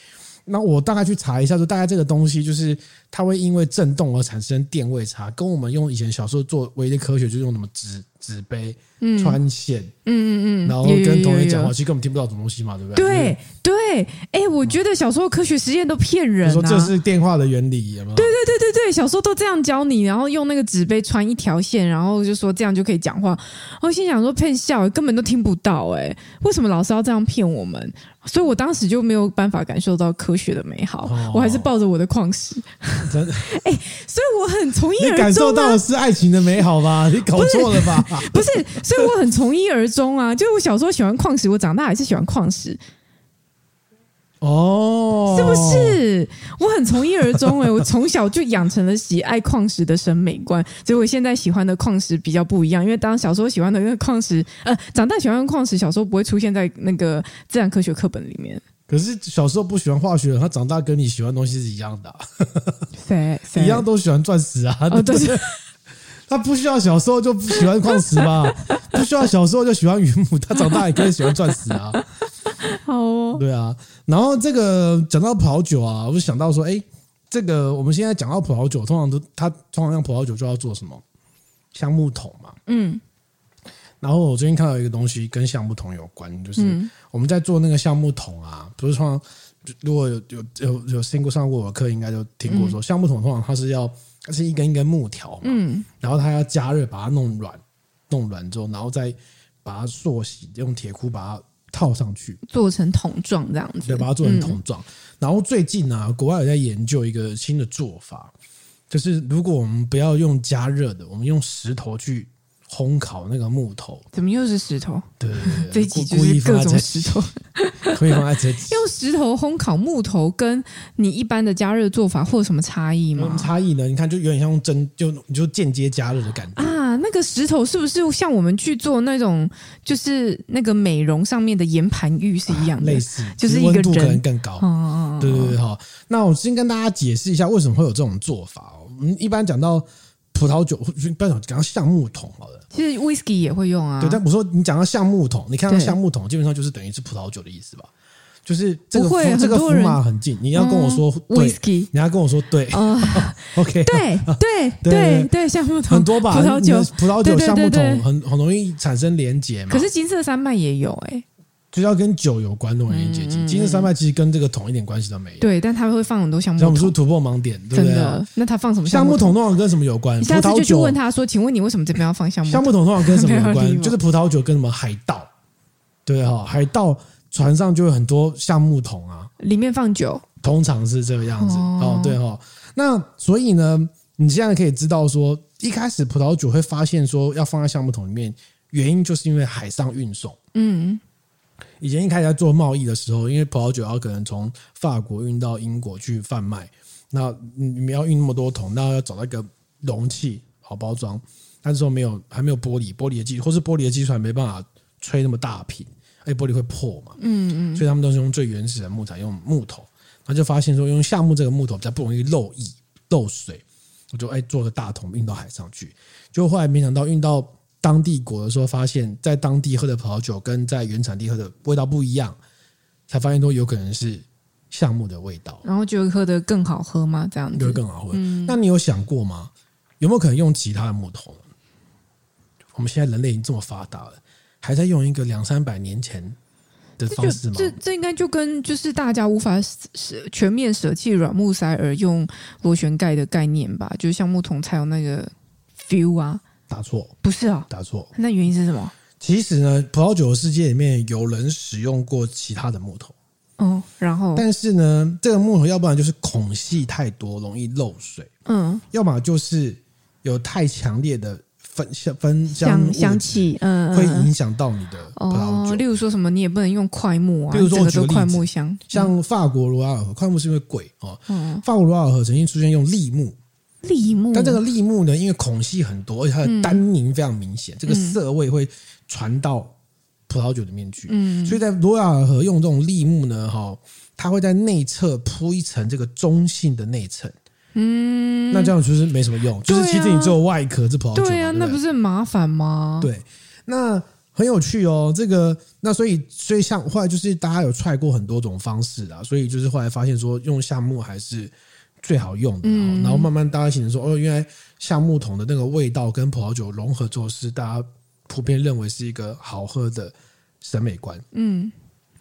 那我大概去查一下，就大概這個東西就是它會因為震動而產生電位差，跟我們用以前小時候做微電科學就是用那麼汁。紙杯穿線，嗯嗯嗯，嗯嗯然後跟同學講話，其實根本聽不到什麼東西嘛，對不對？對對，哎、欸，我覺得小時候科學實驗都騙人、啊、說這是電話的原理嗎？對對對對，對小時候都這樣教你，然後用那個紙杯穿一條線，然後就說這樣就可以講話。我心想說騙笑，根本都聽不到、欸，哎，為什麼老師要這樣騙我們？所以我當時就沒有辦法感受到科學的美好，哦、我還是抱着我的礦石。真的哎、哦哦 欸，所以我很從一而終。你感受到的是愛情的美好吧？你搞錯了吧？是 不是，所以我很從一而終啊！就是我小時候喜歡礦石，我長大還是喜歡礦石。哦，是不是？我很從一而終哎、欸！我從小就養成了喜愛礦石的審美觀，所以我現在喜歡的礦石比較不一樣。因為當小時候喜歡的礦石，呃，長大喜歡礦石，小時候不會出現在那個自然科學課本裡面。可是小時候不喜歡化學，他長大跟你喜歡的東西是一樣的、啊。誰 誰 Fair, fair. 一樣都喜歡鑽石啊！哦、對就他不需,不, 不需要小時候就喜歡礦石吧？不需要小時候就喜歡雲母，他長大也可以喜歡鑽石啊。好哦。對啊，然後這個講到葡萄酒啊，我就想到說，哎、欸，這個我們現在講到葡萄酒，通常都他通常用葡萄酒就要做什麼橡木桶嘛？嗯。然後我最近看到一個東西跟橡木桶有關，就是我們在做那個橡木桶啊，不是、嗯、通常如果有有有有聽過上過我的課，應該就聽過說、嗯、橡木桶通常它是要。它是一根一根木條嘛，嗯、然後它要加熱把它弄軟，弄軟之後，然後再把它塑形，用鐵箍把它套上去，做成桶狀這樣子。對，把它做成桶狀。嗯、然後最近呢、啊，國外有在研究一個新的做法，就是如果我們不要用加熱的，我們用石頭去。烘烤那個木頭，怎麼又是石頭？對對對，這一集就是各種石頭。故意放在這， 用石頭烘烤木頭，跟你一般的加熱做法，會有什麼差異嗎？嗯、差異呢？你看，就有點像用蒸，就你就間接加熱的感覺啊。那個石頭是不是像我們去做那種，就是那個美容上面的岩盤浴是一樣的？啊、類似，就是一個溫度可能更高。哦，對對對，哈。好那我先跟大家解釋一下，為什麼會有這種做法。我、嗯、們一般講到。葡萄酒，不要講，講到橡木桶好了。其實 whiskey 也會用啊。對，但我說你講到橡木桶，你看到橡木桶，基本上就是等於是葡萄酒的意思吧？就是這個這個符碼很近，你要跟我說 whiskey 你要跟我說對、嗯、，OK，對對對對,對對對，橡木桶很多吧？葡萄酒，葡萄酒橡木桶很很容易產生聯結嘛。可是金色山脈也有哎、欸。就要跟酒有關那，那種接近。金色三麥其實跟這個桶一點關係都沒有。對，但他會放很多橡木桶。像我們說突破盲點，對不對？那他放什麼橡木桶？通常跟什麼有關？你下次就去問他說：“請問你為什麼這邊要放橡木桶？”橡木桶通常跟什麼有關？就是葡萄酒跟什麼海盜？對哈、哦，海盜船上就有很多橡木桶啊，裡面放酒，通常是這個樣子。哦,哦，對哈、哦。那所以呢，你現在可以知道說，一開始葡萄酒會發現說要放在橡木桶裡面，原因就是因為海上運送。嗯。以前一開始在做貿易的時候，因為葡萄酒要可能從法國運到英國去販賣，那你們要運那麼多桶，那要找到一個容器好包裝，但是說沒有還沒有玻璃，玻璃的技術或是玻璃的技術還沒辦法吹那麼大瓶，哎，玻璃會破嘛，嗯嗯，所以他們都是用最原始的木材，用木頭，他就發現說用橡木這個木頭比較不容易漏液漏水，我就哎做個大桶運到海上去，就後來沒想到運到。當地果的時候，發現，在當地喝的葡萄酒跟在原產地喝的味道不一樣，才發現都有可能是橡木的味道。然後就會喝得更好喝嗎？這樣子就會更好喝。嗯，那你有想過嗎？有沒有可能用其他的木桶？我們現在人類已經這麼發達了，還在用一個兩三百年前的方式嗎？這這，這應該就跟就是大家無法捨全面捨棄軟木塞而用螺旋蓋的概念吧？就是橡木桶才有那個 feel 啊。打錯不是啊，打錯。哦、打錯，那原因是什麼？其實呢，葡萄酒的世界裡面有人使用過其他的木頭，嗯、哦，然後但是呢，這個木頭要不然就是孔隙太多，容易漏水，嗯，要麼就是有太強烈的分香分香香氣，嗯，會影響到你的葡萄酒。嗯哦、例如說什麼，你也不能用快木啊，比如說我例都快木香，嗯、像法國羅瓦爾河快木是因為貴哦，嗯，法國羅瓦爾河曾經出現用栗木。栗木，但這個栗木呢，因為孔隙很多，而且它的單寧非常明顯，嗯、這個澀味會傳到葡萄酒裡面去。嗯，所以在羅亞爾河用這種栗木呢，哈，它會在內側鋪一層這個中性的內層。嗯，那這樣就是沒什麼用，啊、就是其實你只有外殼是葡萄酒。對啊，那不是很麻煩嗎？對，那很有趣哦。這個，那所以所以，像後來就是大家有 try 過很多種方式啊，所以就是後來發現說，用橡木還是。最好用的，嗯嗯，然後慢慢大家形成說，哦，原來橡木桶的那個味道跟葡萄酒融合做事，大家普遍認為是一個好喝的審美觀。嗯，嗯，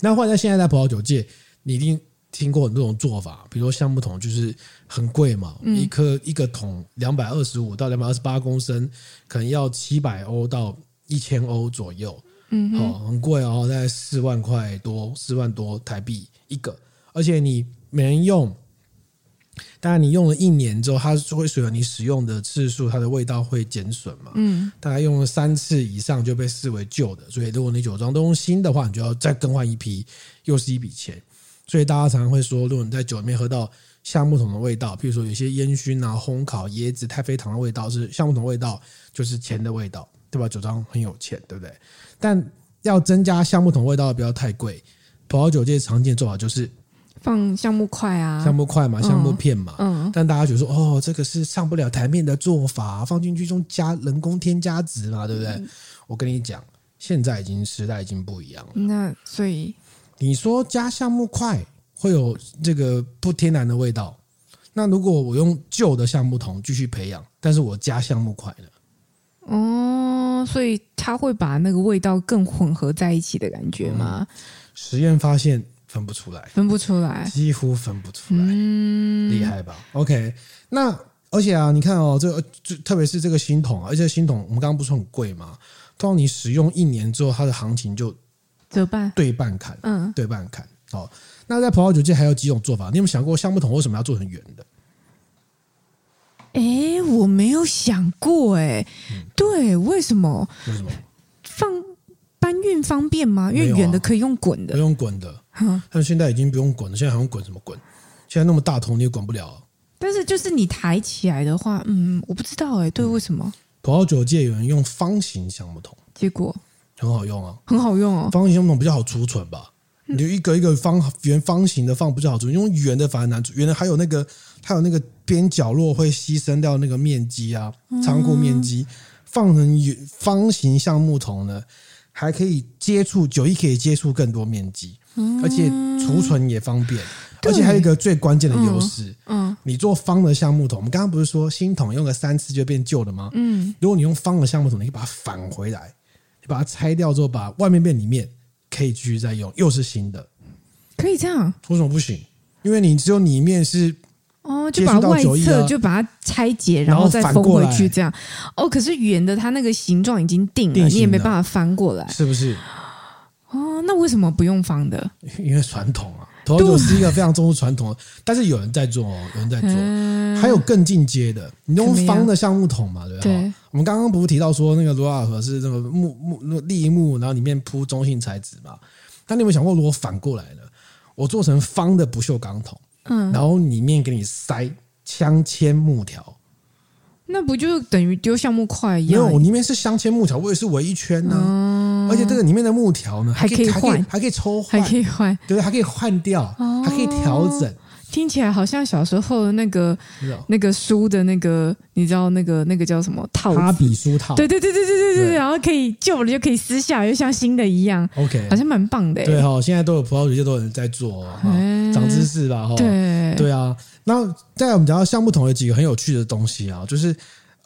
那換在現在在葡萄酒界，你一定聽過很多種做法，比如說橡木桶就是很貴嘛，嗯嗯嗯，一顆一個桶兩百二十五到兩百二十八公升，可能要七百歐到一千歐左右。嗯哼，好、哦，很貴哦，大概四萬塊多，四萬多台幣一個，而且你每人用。當然，你用了一年之後，它會隨着你使用的次數，它的味道會減損嘛。嗯，大概用了三次以上就被視為舊的。所以，如果你酒莊都用新的話，你就要再更換一批，又是一筆錢。所以，大家常常會說，如果你在酒裡面喝到橡木桶的味道，譬如說有些煙燻啊、烘烤、椰子、太妃糖的味道，是橡木桶味道，就是錢的味道，對吧？酒莊很有錢，對不對？但要增加橡木桶的味道，不要太貴。葡萄酒界常見做法就是。放橡木塊啊，橡木塊嘛，橡木片嘛，嗯，嗯，但大家覺得說，哦，這個是上不了台面的做法，放進去中加人工添加劑嘛？對不對？嗯、我跟你講，現在已經時代已經不一樣了。那所以你說加橡木塊會有這個不天然的味道？那如果我用舊的橡木桶繼續培養，但是我加橡木塊呢？哦、嗯，所以它會把那個味道更混合在一起的感覺嗎？嗯、實驗發現。分不出來，分不出來，幾乎分不出來，嗯，厲害吧？OK，那而且啊，你看哦，這這特別是這個新桶啊，而且新桶我們剛剛不是很貴嗎？通常你使用一年之後，它的行情就怎麼辦？對半砍，辦嗯，對半砍。哦，那在葡萄酒界還有幾種做法，你有，沒有想過橡木桶為什麼要做成圓的？哎，我沒有想過、欸，哎，嗯、對，為什麼？為什麼？放搬運方便嗎？因為圓的可以用滾的，啊、用滾的。但現在已經不用滾了，現在還用滾什麼滾？現在那麼大桶你也滾不了，啊。但是就是你抬起來的話，嗯，我不知道誒、欸，對，為什麼？葡萄酒界有人用方形橡木桶，結果很好用啊，很好用哦。方形橡木桶比較好儲存吧？嗯、你就一個一個方，圓方形的放，比較好儲存，因為圓的反而難儲存，圓的還有那個還有那個邊角落會犧牲掉那個面積啊，倉庫、嗯、面積放成圓，方形橡木桶呢，還可以接觸酒液可以接觸更多面積。而且儲存也方便，嗯、而且還有一個最關鍵的優勢、嗯，嗯，你做方的橡木桶，我們剛剛不是說新桶用了三次就變舊了嗎？嗯，如果你用方的橡木桶，你可以把它返回來，你把它拆掉之後，把外面變裡面可以繼續再用，又是新的，可以這樣？為什麼不行？因為你只有裡面是、啊、哦，就把外側就把它拆解，然後再封回去這樣。哦，可是圓的它那個形狀已經定了，定型的，你也沒辦法翻過來，是不是？哦，oh, 那為什麼不用方的？因為傳統啊，頭酒是一個非常重視傳統，多 但是有人在做、哦， 有人在做，還有更進階的。你用方的橡木桶嘛，對吧？對我們剛剛不是提到說那個羅瓦河是這個木木、那個、立木，然後裡面鋪中性材質嘛？但你有沒有想過，如果反過來呢？我做成方的不鏽鋼桶，嗯，然後裡面給你塞鑲嵌木條。那不就等於丟橡木塊一樣？沒有，裡面是鑲嵌木條，我也是圍一圈呢、啊。嗯、而且這個裡面的木條呢，還可以換，還可以抽換，還可以換，對，還可以換掉，嗯、還可以調整。聽起來好像小時候的那個、哦、那個書的那個，你知道那個那個叫什麼套？芭比書套。對對對對對對對，然後可以舊了就可以撕下，又像新的一樣。OK，好像蠻棒的、欸。對哈、哦，現在都有葡萄酒界都有人在做、哦，欸、長知識了哈。對對啊，那再我們講到橡木桶有幾個很有趣的東西啊，就是。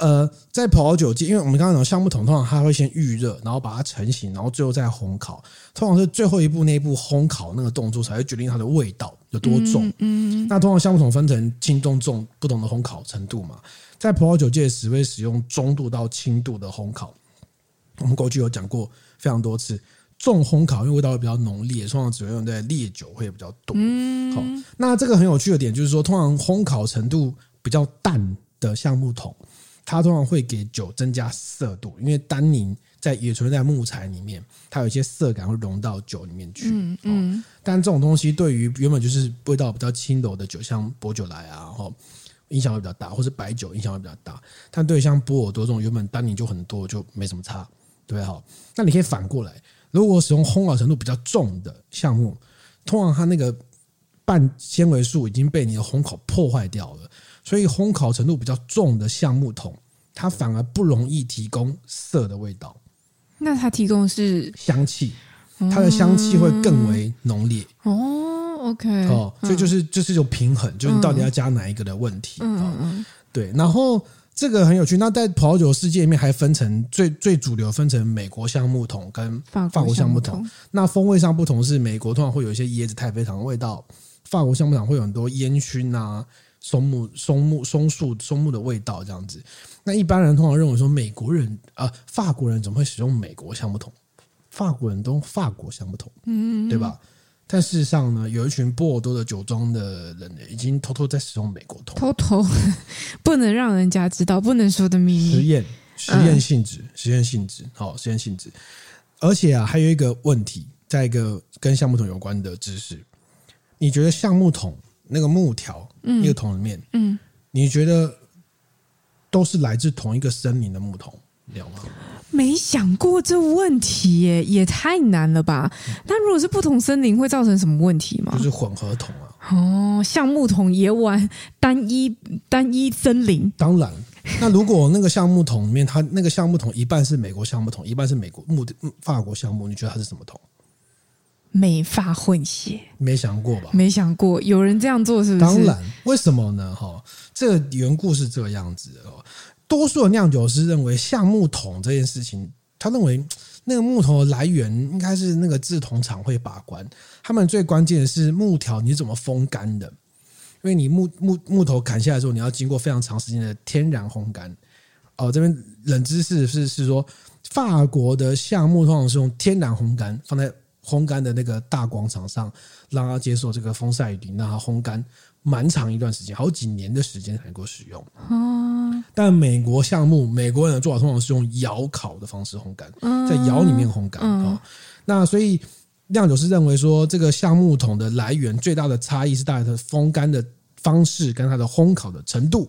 呃，在葡萄酒界，因為我們剛剛講橡木桶，通常它會先預熱，然後把它成型，然後最後再烘烤。通常是最後一步，那一步烘烤那個動作，才會決定它的味道有多重。嗯，嗯，那通常橡木桶分成輕、中、重不同的烘烤程度嘛。在葡萄酒界，只會使用中度到輕度的烘烤。我們過去有講過非常多次，重烘烤因為味道會比較濃烈，通常只會用在烈酒會比較多。嗯，好，那這個很有趣的點就是說，通常烘烤程度比較淡的橡木桶。它通常會給酒增加澀度，因為單寧在也存在木材裡面，它有一些澀感會融到酒裡面去。嗯，嗯、哦、但這種東西對於原本就是味道比較輕柔的酒，像薄酒來啊，然影響會比較大，或是白酒影響會比較大。但對像波爾多這種原本單寧就很多，就沒什麼差，對哈。那你可以反過來，如果使用烘烤程度比較重的項目，通常它那個半纖維素已經被你的烘烤破壞掉了。所以烘烤程度比較重的橡木桶，它反而不容易提供澀的味道。那它提供的是香氣，它的香氣會更為濃烈。嗯、哦，OK，哦，所以就是、啊、就是一種平衡，就是你到底要加哪一個的問題。嗯嗯、哦，對。然後這個很有趣，那在葡萄酒世界裡面還分成最最主流，分成美國橡木桶跟法國橡木桶。橡木桶那風味上不同是，美國通常會有一些椰子、太妃糖的味道，法國橡木桶會有很多煙燻啊。松木、松木、松樹、松木的味道這樣子。那一般人通常認為說，美國人啊、呃，法國人怎麼會使用美國橡木桶？法國人都用法國橡木桶，嗯，對吧？嗯嗯嗯、但事實上呢，有一群波爾多的酒莊的人已經偷偷在使用美國桶，偷偷不能讓人家知道，不能說的秘密。實驗、嗯，實驗性質、哦，實驗性質，好，實驗性質。而且啊，還有一個問題，在一個跟橡木桶有關的知識，你覺得橡木桶？那個木條，一、嗯、個桶裡面，嗯，你覺得都是來自同一個森林的木桶，有嗎？沒想過這問題，耶，也太難了吧？那、嗯、如果是不同森林，會造成什麼問題嗎？就是混合桶啊。哦，橡木桶也玩單一單一森林？當然。那如果那個橡木桶裡面， 它那個橡木桶一半是美國橡木桶，一半是美國木，法國橡木，你覺得它是什麼桶？美法混血，沒想過吧？沒想過有人這樣做，是不是？當然，為什麼呢？哈、哦，這個緣故是這個樣子的。多數的釀酒師認為橡木桶這件事情，他認為那個木頭的來源應該是那個製桶廠會把關。他們最關鍵的是木條你怎麼風乾的？因為你木木木頭砍下來之後，你要經過非常長時間的天然烘乾。哦，這邊冷知識是是說，法國的橡木通常是用天然烘乾放在烘乾的那個大廣場上，讓它接受這個風曬雨淋，讓它烘乾蠻長一段時間，好幾年的時間才能夠使用。哦、嗯，嗯，但美國橡木，美國人的做法通常是用窯烤的方式烘乾，在窯裡面烘乾。嗯哦，那所以釀酒師認為說，這個橡木桶的來源最大的差異是大概它的風乾的方式跟它的烘烤的程度，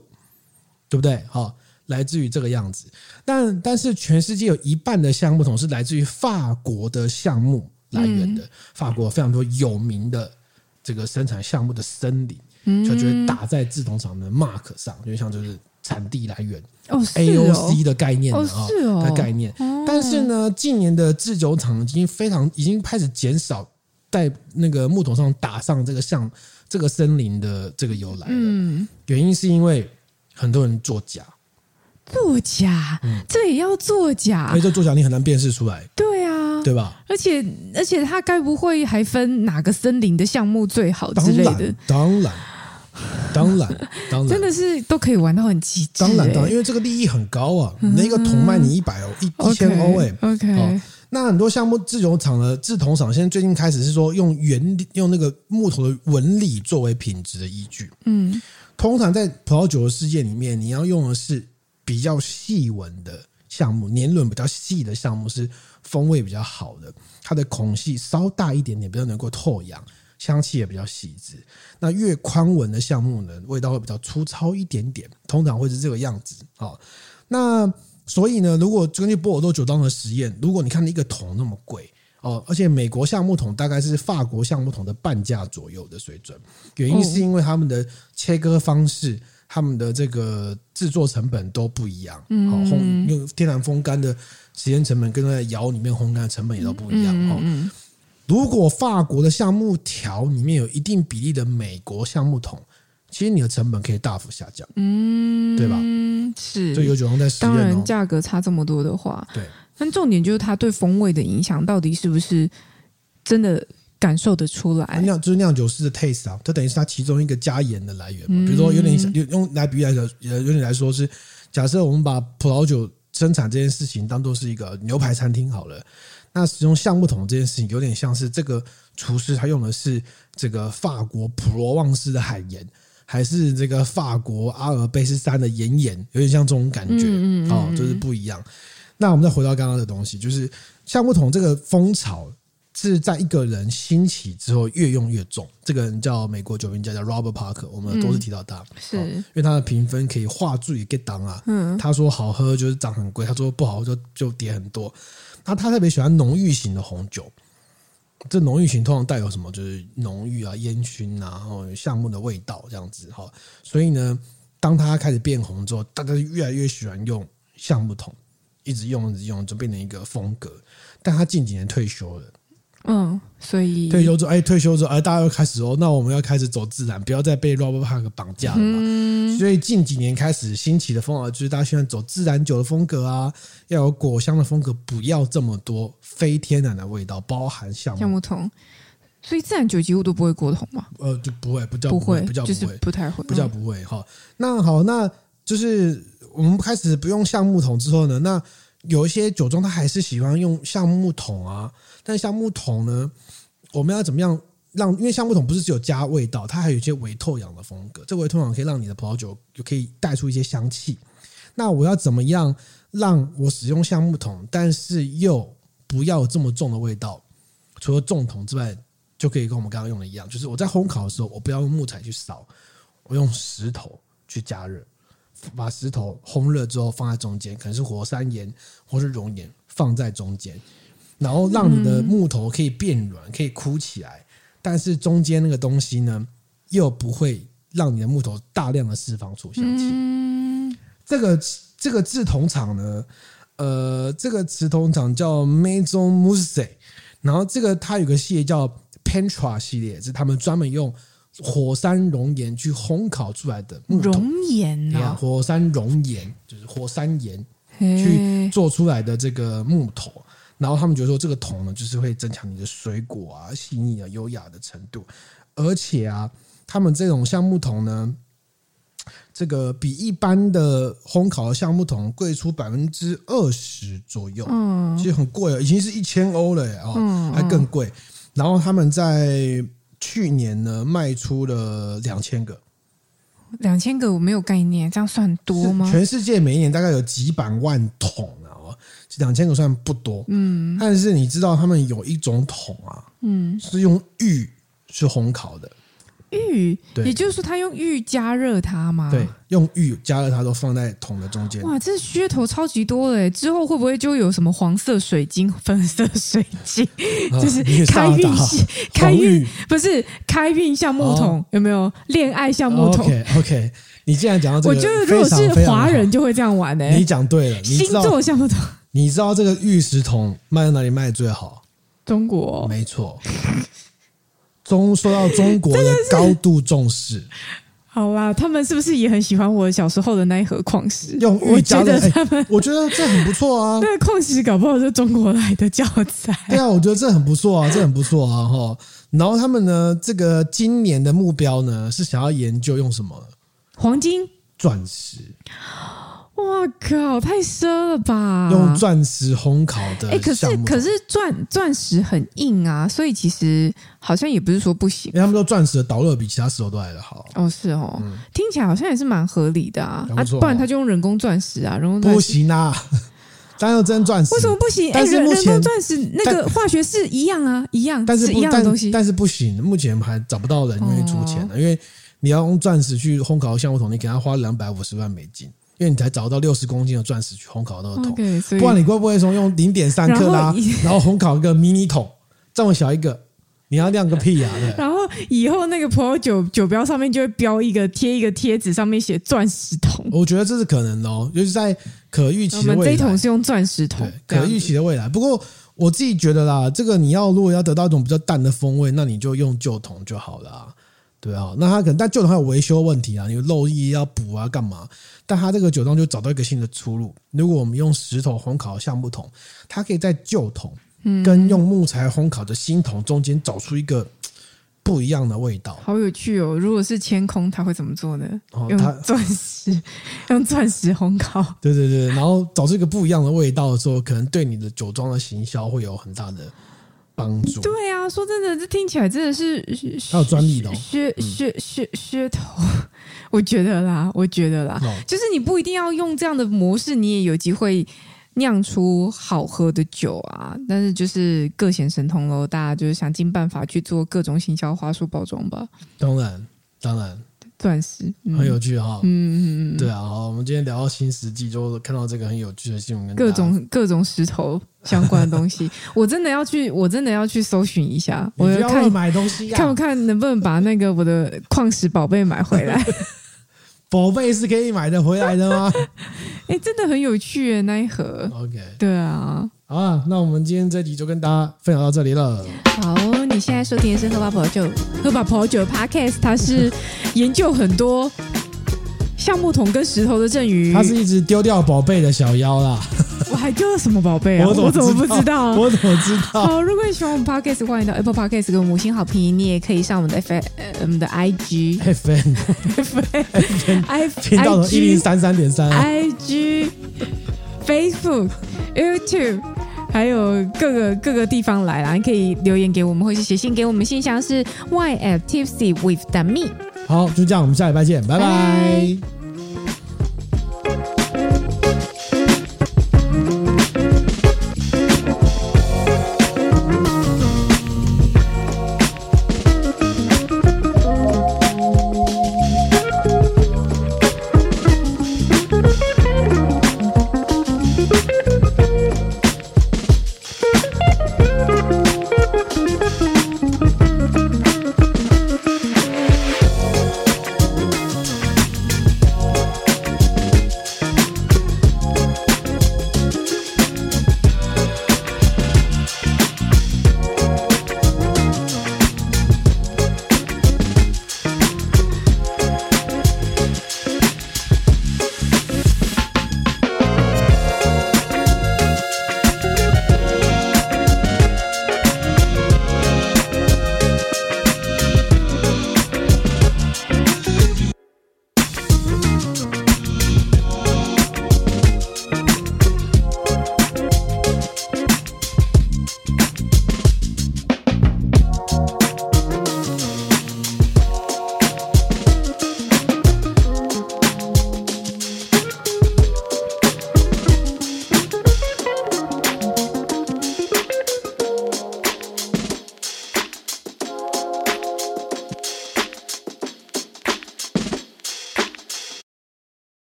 對不對？哈、哦，來自於這個樣子。但但是全世界有一半的橡木桶是來自於法國的橡木。來源的法國非常多有名的這個生產項目的森林，嗯、就會打在製桶廠的 mark 上，就像就是產地來源哦，AOC 的概念哦，是哦的概念。但是呢，近年的制酒廠已經非常已經開始減少在那個木桶上打上這個像這個森林的這個由來了。嗯、原因是因為很多人作假，作假，嗯、這也要作假，所以這作假你很難辨識出來。對啊。對吧？而且而且，它該不會還分哪個森林的橡木最好之類的？當然，當然，當然，真的是都可以玩到很極致。當然，當然，因為這個利益很高啊！嗯、那個桶賣你一百歐，一一千歐誒。OK，好，那很多橡木制酒廠的制桶廠，現在最近開始是說用原用那個木頭的紋理作為品質的依據。嗯，通常在葡萄酒的世界裡面，你要用的是比較細紋的橡木，年輪比較細的橡木是。風味比較好的，它的孔隙稍大一點點，比較能夠透氧，香氣也比較細緻。那越寬紋的橡木呢，味道會比較粗糙一點點，通常會是這個樣子啊、哦。那所以呢，如果根據波爾多酒莊的實驗，如果你看一個桶那麼貴哦，而且美國橡木桶大概是法國橡木桶的半價左右的水準，原因是因為他們的切割方式。他們的這個製作成本都不一樣，嗯，烘用天然風乾的時間成本跟在窯裡面烘乾的成本也都不一樣。嗯，嗯，如果法國的橡木條裡面有一定比例的美國橡木桶，其實你的成本可以大幅下降，嗯，對吧？是，所以有酒農在實驗，當然，價格差這麼多的話，對，但重點就是它對風味的影響到底是不是真的？感受得出來，就是釀酒師的 taste 啊，它等於是它其中一個加鹽的來源嘛。比如說，有點用用來比喻來說，有點來說是，假設我們把葡萄酒生產這件事情當做是一個牛排餐廳好了，那使用橡木桶這件事情有點像是這個廚師他用的是這個法國普羅旺斯的海鹽，還是這個法國阿爾卑斯山的鹽鹽，有點像這種感覺啊嗯嗯嗯、哦，就是不一樣。那我們再回到剛剛的東西，就是橡木桶這個風潮。是在一個人興起之後，越用越重。這個人叫美國酒評家，叫 Robert Parker，我們多次提到他，嗯、是、哦，因為他的評分可以畫住一個檔啊。Down, 嗯、他說好喝就是漲很貴，他說不好喝就就跌很多。那他特別喜歡濃郁型的紅酒，這濃郁型通常帶有什麼？就是濃郁啊、煙燻啊，然、哦、後橡木的味道這樣子哈、哦。所以呢，當他開始變紅之後，大家越來越喜歡用橡木桶，一直用一直用，一直用，就變成一個風格。但他近幾年退休了。嗯，所以退休之後，哎、欸，退休之後，哎，大家又開始哦，那我們要開始走自然，不要再被 Robert Park 綁架了嘛。嗯、所以近幾年開始興起的風啊，就是大家現在走自然酒的風格啊，要有果香的風格，不要這麼多非天然的味道，包含橡木桶。木桶。所以自然酒幾乎都不會過桶嘛？呃，就不會，不叫不會，不叫不會，不會，不太會，不叫不會。哈、嗯，那好，那就是我們開始不用橡木桶之後呢，那有一些酒莊他還是喜歡用橡木桶啊。但橡木桶呢？我們要怎麼樣讓？因為橡木桶不是只有加味道，它還有一些微透氧的風格。這微透氧可以讓你的葡萄酒就可以帶出一些香氣。那我要怎麼樣讓我使用橡木桶，但是又不要這麼重的味道？除了重桶之外，就可以跟我們剛剛用的一樣，就是我在烘烤的時候，我不要用木材去燒，我用石頭去加熱，把石頭烘熱之後放在中間，可能是火山岩或是熔岩放在中間。然後讓你的木頭可以變軟，嗯、可以箍起來，但是中間那個東西呢，又不會讓你的木頭大量的釋放出香氣。嗯、這個這個製桶廠呢，呃，這個製桶廠叫 Maison Musée，然後這個它有個系列叫 Pentra 系列，是他們專門用火山熔岩去烘烤出來的木頭，熔岩呢、哦，火山熔岩就是火山岩嘿去做出來的這個木頭。然後他們就說，這個桶呢，就是會增強你的水果啊、細膩啊、優雅的程度。而且啊，他們這種橡木桶呢，這個比一般的烘烤的橡木桶貴出百分之二十左右。嗯，其實很貴啊，已經是一千歐了耶，哦，嗯嗯、還更貴。然後他們在去年呢賣出了兩千個，兩千個我沒有概念，這樣算多嗎？全世界每一年大概有幾百萬桶啊。兩千個算不多，嗯，但是你知道他們有一種桶啊，嗯，是用玉去烘烤的玉，對，也就是說他用玉加熱它嘛，對，用玉加熱它都放在桶的中間。哇，這噱頭超級多嘞！之後會不會就有什麼黃色水晶、粉色水晶，就是開運系開運不是開運橡木桶有沒有？戀愛橡木桶，OK，OK。你既然講到這個，我覺得如果是華人就會這樣玩呢。你講對了，星座橡木桶。你知道這個玉石桶，賣在哪裡賣最好？中國，沒錯。中說到中國的高度重視，好啦，他們是不是也很喜歡我小時候的那一盒礦石？用玉教的我覺得他們、欸，我覺得這很不錯啊。那礦石搞不好是中國來的教材。對啊，我覺得這很不錯啊，這很不錯啊。然後他們呢，這個今年的目標呢，是想要研究用什麼？黃金、鑽石。哇靠！太奢了吧！用鑽石烘烤的。哎、欸，可是可是，鑽鑽石很硬啊，所以其實好像也不是說不行、啊。因為他們說鑽石的導熱比其他石頭都來得好。哦，是哦，嗯、聽起來好像也是蠻合理的啊、哦、啊。不然他就用人工鑽石啊，人工不行啊。但要真鑽石、啊，為什麼不行？欸、人但是人工鑽石那個化學式一樣啊，一樣，但是，是一樣的東西但，但是不行。目前還找不到人願意出錢的，哦、因為你要用鑽石去烘烤橡木桶，你給他花兩百五十萬美金。因為你才找到六十公斤的鑽石去烘烤那個桶 okay，不然你會不會說用零點三克拉，然後，然後烘烤一個迷你桶，這麼小一個，你要亮個屁呀，啊？然後以後那個葡萄酒酒標上面就會標一個貼一個貼紙，上面寫鑽石桶。我覺得這是可能的哦，就是在可預期的未來。我們這一桶是用鑽石桶，對可預期的未來。不過我自己覺得啦，這個你要如果要得到一種比較淡的風味，那你就用舊桶就好了、啊。對啊，那他可能但舊桶還有維修問題啊，有漏液要補啊，幹嘛？但他這個酒莊就找到一個新的出路。如果我們用石頭烘烤橡木桶，它可以在舊桶跟用木材烘烤的新桶中間找出一個不一樣的味道。嗯、好有趣哦！如果是千空，他會怎麼做呢？哦、他用鑽石，用鑽石烘烤。對對對，然後找出一個不一樣的味道的時候，可能對你的酒莊的行銷會有很大的。幫助對啊，說真的，這聽起來真的是，還有專利的、哦、噱、嗯、頭，我覺得啦，我覺得啦，嗯、就是你不一定要用這樣的模式，你也有機會釀出好喝的酒啊。但是就是各顯神通嘍，大家就是想盡辦法去做各種行銷話術包裝吧。當然，當然。鑽石、嗯、很有趣哈、哦嗯，嗯，對啊，好，我們今天聊到新石紀，就看到這個很有趣的新聞，各種各種石頭相關的東西， 我真的要去，我真的要去搜尋一下，要我要看買東西、啊看，看不看能不能把那個我的礦石寶貝買回來。 寶貝是可以買的回來的嗎？哎、 欸，真的很有趣耶，那一盒。OK，對啊。好啊，那我們今天這集就跟大家分享到這裡了。好、哦，你現在收聽的是《喝吧葡萄酒》，《喝吧葡萄酒》Podcast，它是研究很多。橡木桶跟石頭的贈予，他是一直丟掉寶貝的小妖啦。我還丟了什麼寶貝啊？我怎麼不知道？我怎麼知道？好，如果你喜歡我們 Podcast，歡迎到 Apple Podcast 給我們五星好評。你也可以上我們的 f m 的 i g f m f m i g 三三點三 i g，Facebook、YouTube，還有各個各個地方來啦。你可以留言給我們，或是寫信給我們信箱是 y f t c with d me。好，就這樣，我們下禮拜見，拜拜。